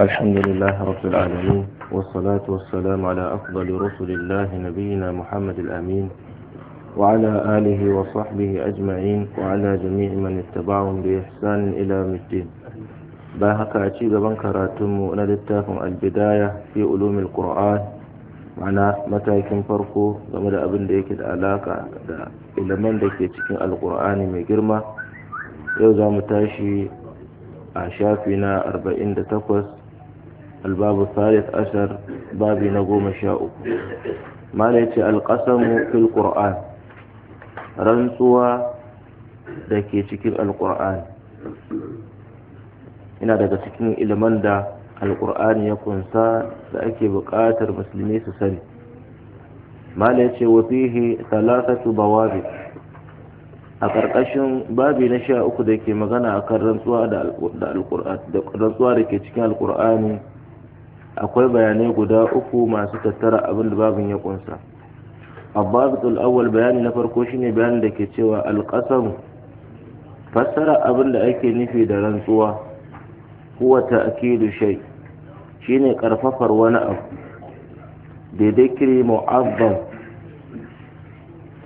الحمد لله رب العالمين والصلاة والسلام على أفضل رسل الله نبينا محمد الأمين وعلى آله وصحبه أجمعين وعلى جميع من اتبعهم بإحسان إلى الدين باهك أتيب بنكراتم ندتاكم البداية في علوم القرآن معنا متى يكون فرقه لمدى أبن ديك العلاقة إلى من ديك القرآن من جرمة يوزع متاشي a shafi na 48 الباب الثالث أشر باب نقوم شاء ما ليت القسم في القرآن رنسوا دكي تكير القرآن ina daga cikin iliman من دا القرآن يكون سا سأكي buƙatar musulmi su ما mala وفيه ثلاثة wa a ƙarƙashin babi na sha uku da ke magana a kan rantsuwa da ke alkur'ani akwai bayanai guda uku masu tattara abin da babin ya kunsa abbasul awwal bayani na farko shine bayanin da ke cewa alqasam fassara abin da ake nufi da rantsuwa huwa ta'kidu shay shine karfafar wani abu da dikri mu'azzam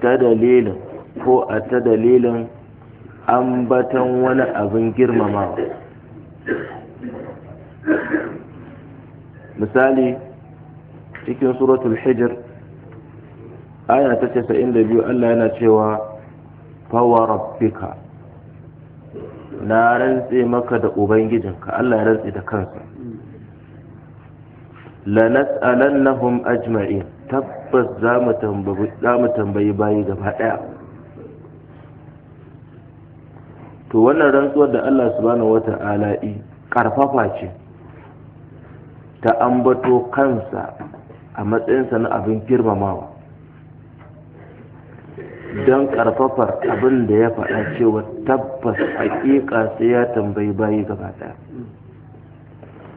ta dalilin ko a ta dalilin ambatan wani abin girmamawa misali cikin suratul hijr aya ta 92 Allah yana cewa fawa rabbika na rantse maka da ubangijinka Allah ya rantse da kansa lanas'alannahum ajma'in tabbas za mu tambayi bayi gaba daya to wannan rantsuwar da Allah subhanahu wata'ala yi karfafa ce ta ambato kansa a matsayinsa na abin girmamawa don karfafar abin da ya faɗa cewa tabbas hakika sai ya tambayi bayi gaba ɗaya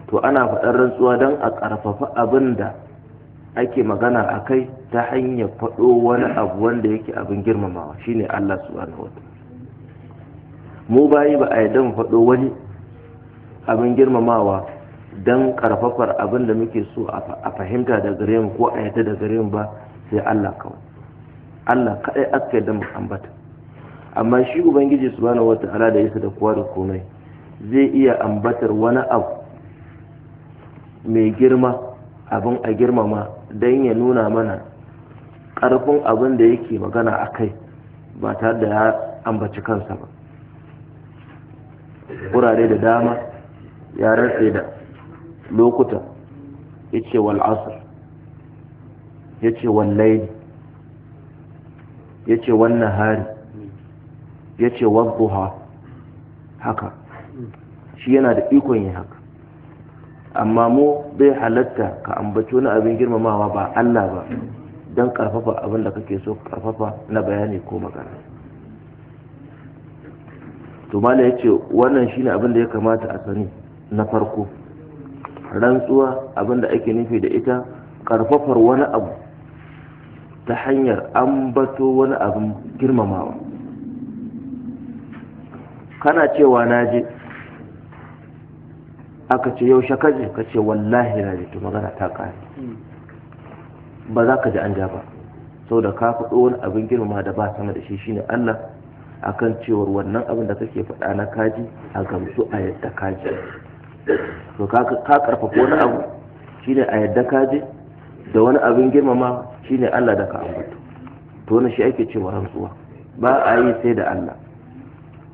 to ana faɗar rantsuwa don a karfafa abin da ake magana a kai ta hanyar faɗo wani abu wanda yake abin girmamawa shine Allah subhanahu wa mu bayi ba a yi mu faɗo wani abin girmamawa don karfafar abin da muke so a fahimta da gare mu ko a yadda da gare mu ba sai Allah kawai Allah kaɗai aka yadda mu ambata amma shi ubangiji subhanahu wata'ala da yasa da kowa da komai zai iya ambatar wani abu mai girma abin a girmama don ya nuna mana ƙarfin abin da yake magana a kai ba tare da ya ambaci kansa ba wurare da dama ya rantse da lokuta yace wal asr yace wal layl yace wal nahari yace wal duha haka shi yana da ikon yin haka amma mu bai halatta ka ambaci wani abin girmamawa ba Allah ba don karfafa abin da kake so karfafa na bayani ko magana to yace ya ce wannan shine abin da ya kamata a sani na farko rantsuwa abinda ake nufi da ita karfafar wani abu ta hanyar ambato wani abin girmamawa kana cewa na je aka ce yau shakaje ka ce wallahi na je to magana ta kare ba za ka ji an ja ba sau da ka faɗo wani abin girmama da ba sama da shi shine Allah a kan cewar wannan abin da kake faɗa na kaji a gamsu a yadda kaji to ka karfafa wani abu shine a yadda ka je da wani abin girmama shine Allah da ka ambato to wani shi ake cewa rantsuwa ba a yi sai da Allah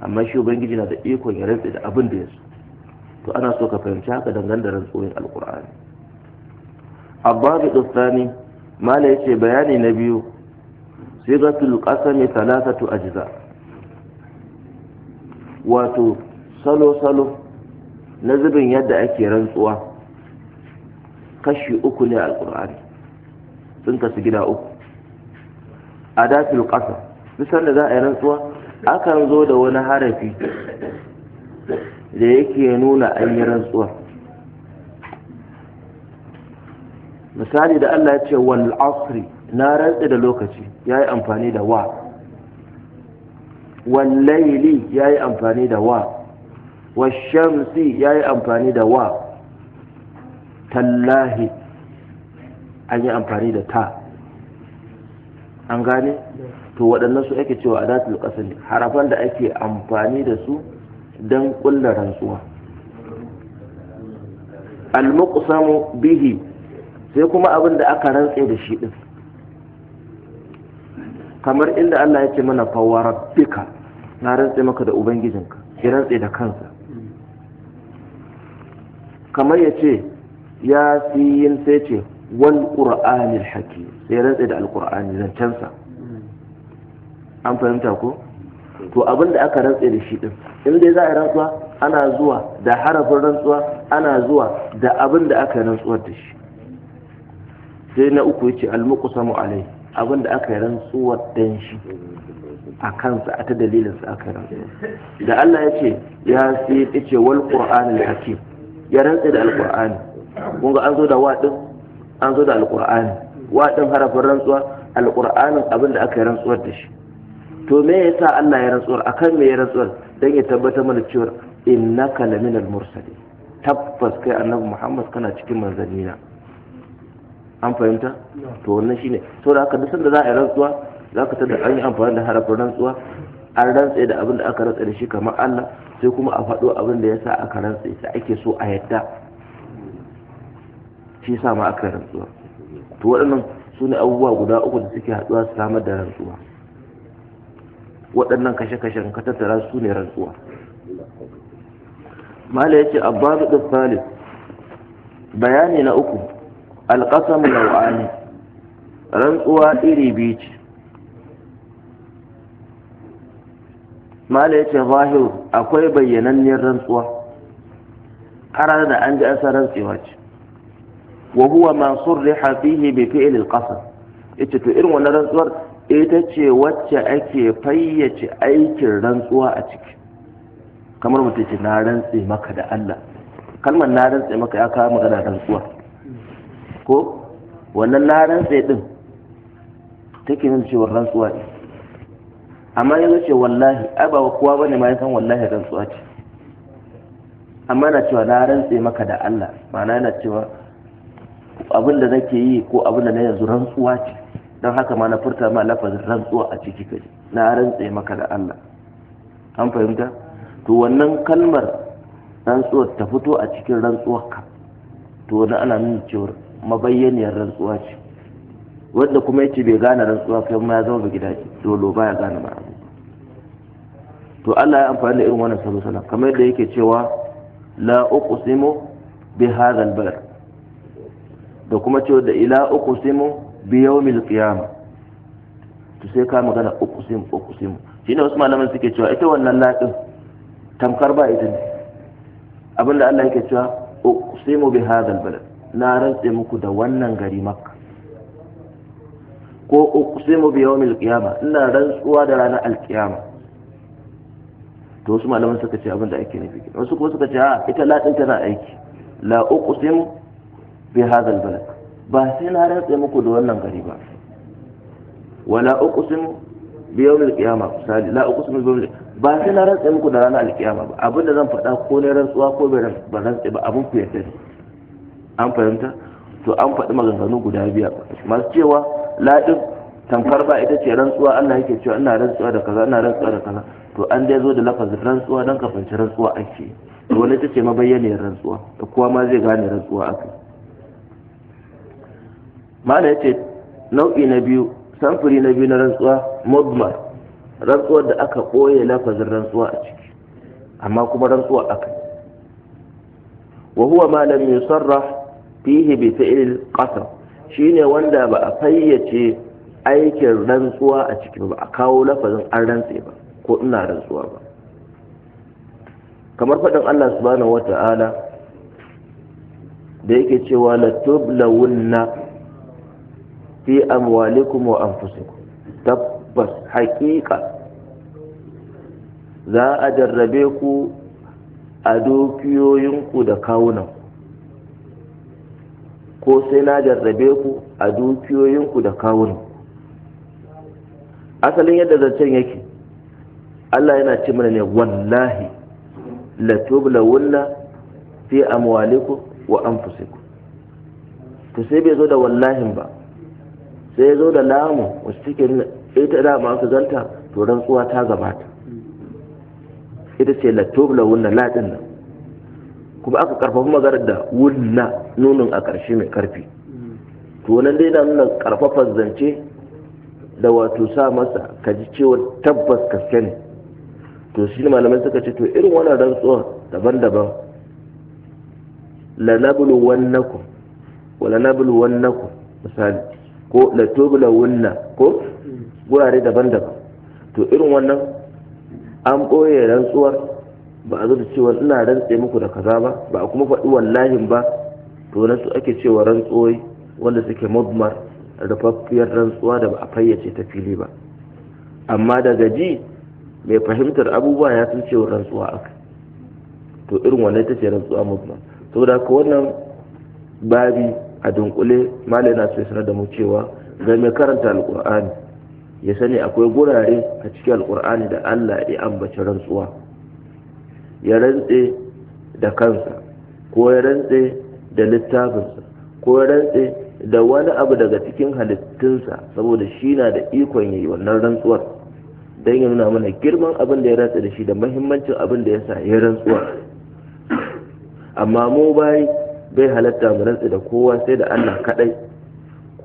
amma shi ubangiji na da ikon ya rantsi da abin da ya so to ana so ka fahimci haka dangane da rantsuwar alkur'ani abbabi dustani mala ya ce bayani na biyu sai qasami tulkasami talatatu ajza wato salo-salo na zubin yadda ake rantsuwa kashi uku ne alkur'ani sun kasu gida uku a qasa ƙasa da za a yi rantsuwa akan zo da wani harafi da yake nuna an yi rantsuwa misali da allah ya ce wal asri na rantsi da lokaci ya yi amfani da wa wallaili ya yi amfani da wa wa ya yi amfani da wa tallahi an yi amfani da ta an gane to waɗannan su ake cewa a ƙasa ne harafan da ake amfani da su don ƙulla rantsuwa al bihi sai kuma abin da aka rantse da shi din kamar inda Allah ya ce mana fa na rantse maka da ubangijinka ya rantse da kansa kamar ya ce ya yin sai ce wal ƙura'ani hakim sai rantsa da alqur'ani zancensa an fahimta ko to abin da aka rantsa da shi din in dai za a rantsuwa ana zuwa da harafin rantsuwa ana zuwa da abin da aka rantsuwar da shi sai na uku ce almuqsamu alai abin da aka rantsuwar dan shi a kansa a ta dalilinsa aka rantsuwa da Allah ce ya sai yace wal qur'anil hakim ya rantse da alqur'ani kun ga an zo da waɗin an zo da alqur'ani waɗin harafin rantsuwa abin da aka yi rantsuwar da shi to me ya sa Allah ya rantsuwar akan me ya rantsuwar dan ya tabbatar mana cewa innaka laminal mursalin tabbas kai annabi Muhammad kana cikin manzannina an fahimta to wannan shine to da haka duk sanda za a yi rantsuwa za ka tada an yi amfani da harafin rantsuwa an rantse da abin da aka rantse da shi kamar Allah sai kuma a faɗo abin da ya sa aka rantse sai ake so a yadda shi sa ma aka rantsuwa to waɗannan su ne abubuwa guda uku da suke haɗuwa su samar da rantsuwa waɗannan kashe-kashen ka tattara su ne rantsuwa mala ya ce abbasu da salif bayani na uku alƙasamu nau'ani rantsuwa iri biyu ce mala ya ce zahiru akwai bayyananniyar rantsuwa ƙarar da an ji asa rantsuwa ce wa huwa ma surriha fihi bi fi'l al qasr yace to irin wannan rantsuwar ita ce wacce ake fayyace aikin rantsuwa a ciki kamar mutum ce na rantse maka da Allah kalmar na rantse maka ya kawo magana rantsuwa ko wannan na rantse din take nan cewa rantsuwa ne amma yanzu ce wallahi ai ba kowa bane ma ya san wallahi rantsuwa ce amma na cewa na rantse maka da Allah ma'ana yana cewa abin da nake yi ko abin da na yanzu rantsuwa ce don haka ma na furta ma lafazin rantsuwa a ciki kaji na rantse maka da Allah an fahimta to wannan kalmar rantsuwar ta fito a cikin rantsuwar ka to wani ana nuna cewa mabayyaniyar rantsuwa ce wanda kuma yake bai gane rantsuwa kai ma ya zama gida ce dole ba ya gane ma to Allah ya amfani da irin wannan salon salon kamar yadda yake cewa la uqsimu bi hadha al da kuma cewa da ila uqsimu bi yawmil qiyamah to sai ka magana uqsimu uqsimu shine wasu malaman suke cewa ita wannan laɗin tamkar ba ita ne abinda Allah yake cewa uqsimu bi hadha al na rantse muku da wannan gari makka ko uqsimu bi yawmil qiyamah ina rantsuwa da ranar alqiyama to wasu malaman suka ce abin da ake nufi wasu kuma suka ce a ita laɗin tana aiki la uqsim bi hadha albalad ba sai na rantsa muku da wannan gari ba wala uqsim bi yawm alqiyama sai la uqsim bi yawm ba sai na rantsa muku da ranar alqiyama ba abin da zan faɗa ko ne rantsuwa ko bai ba rantsa ba abin ku yadda an fahimta to an faɗi maganganu guda biyar masu cewa laɗin tamfar ba ita ce rantsuwa Allah yake cewa ina rantsuwa da kaza ina rantsuwa da kaza to an dai zo da lafazin rantsuwa don ka fanci rantsuwa ake to wani ita ce mabayyaniyar rantsuwa da kowa ma zai gane rantsuwa aka mana yace nau'i na biyu samfuri na biyu na rantsuwa mudmar rantsuwar da aka ɓoye lafazin rantsuwa a ciki amma kuma rantsuwa aka wa huwa ma lam yusarrah fihi bi fi'l qasr shine wanda ba a fayyace aikin rantsuwa a cikin ba a kawo lafazin an rantse ba ko ina rantsuwa ba kamar faɗin Allah subhanahu wata'ala da yake cewa latublawunna fi amwalikum wa anfusikum tabbas haƙiƙa za a jarrabe ku a dukiyoyinku da kawunan ko sai na jarrabe ku a dukiyoyinku da kawunan asalin yadda zancen yake Allah yana ce mana ne wallahi la Wunna fi amwalikum wa anfusikum to sai bai zo da wallahin ba sai ya zo da lamu wacce take ita da ma zanta to rantsuwa ta gabata ita ce la la dinna kuma aka karfafa maganar da wunna nunin a ƙarshe mai karfi to nan dai na nuna karfafar zance da wato sa masa ka ji cewa tabbas ka sani to shi malamai suka ce to irin wannan rantsuwa daban-daban lanabulu wannaku wa nablu wannaku misali ko latubula wunna ko gurare daban-daban to irin wannan an ɓoye rantsuwar ba a zo da cewa ina rantse muku da kaza ba ba a kuma faɗi wallahin ba to na su ake cewa rantsoyi wanda suke mudmar rufaffiyar rantsuwa da ba a fayyace ta fili ba amma daga ji mai fahimtar abubuwa ya san cewa rantsuwa aka to irin wannan ita ce rantsuwa mutuna saboda ka wannan babi a dunkule malai na sai sanar da mu cewa ga mai karanta alkur'ani ya sani akwai gurare a cikin alkur'ani da allah ya ambaci rantsuwa ya rantse da kansa ko ya rantse da littafinsa ko ya rantse da wani abu daga cikin halittunsa saboda shi na da ikon yi wannan rantsuwar don ya nuna mana girman abin da ya rantsa da shi da mahimmancin abin da ya sa ya rantsuwar amma mu bai bai halatta mu rantsa da kowa sai da Allah kadai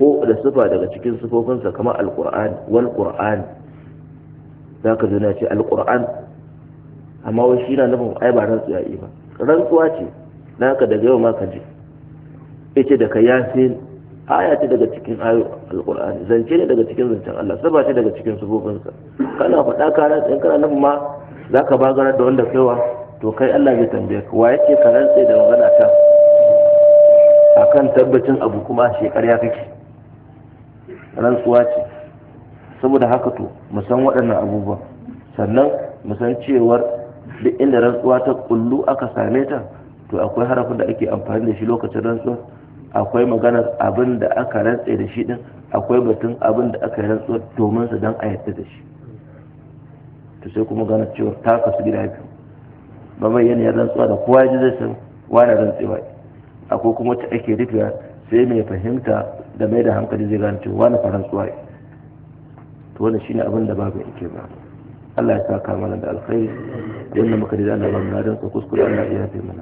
ko da sufa daga cikin sufofinsa kamar alqur'an wal qur'an zaka ji na ce alqur'an amma wai shi na nufin ai ba rantsuwa yi ba rantsuwa ce naka daga yau ma ka ji ita da ka yasin aya ce daga cikin alkur'ani zance ne daga cikin zancen Allah saba ce daga cikin sufofinsa kana faɗa ka in kana nan ma zaka ka bagarar da wanda kaiwa to kai Allah zai tambaye ka wa yake ka rantsa da magana ta akan tabbacin abu kuma shi ya kake rantsuwa ce saboda haka to mu san waɗannan abubuwa sannan mu san cewar duk inda rantsuwa ta kullu aka same ta to akwai harafin da ake amfani da shi lokacin rantsuwa akwai maganar abin da aka rantse da shi din akwai batun abin da aka rantse domin su dan a yadda da shi to sai kuma gana cewa ta kasu gida biyu ba mai ya rantsuwa da kowa ya ji zai san wani rantsewa akwai kuma ta ake rufewa sai mai fahimta da mai da hankali zai gane cewa wani faran tsuwa to wannan shine abin da babu yake ba Allah ya saka mana da alkhairi da wannan muka da Allah ba rantsa kuskure Allah ya yafe mana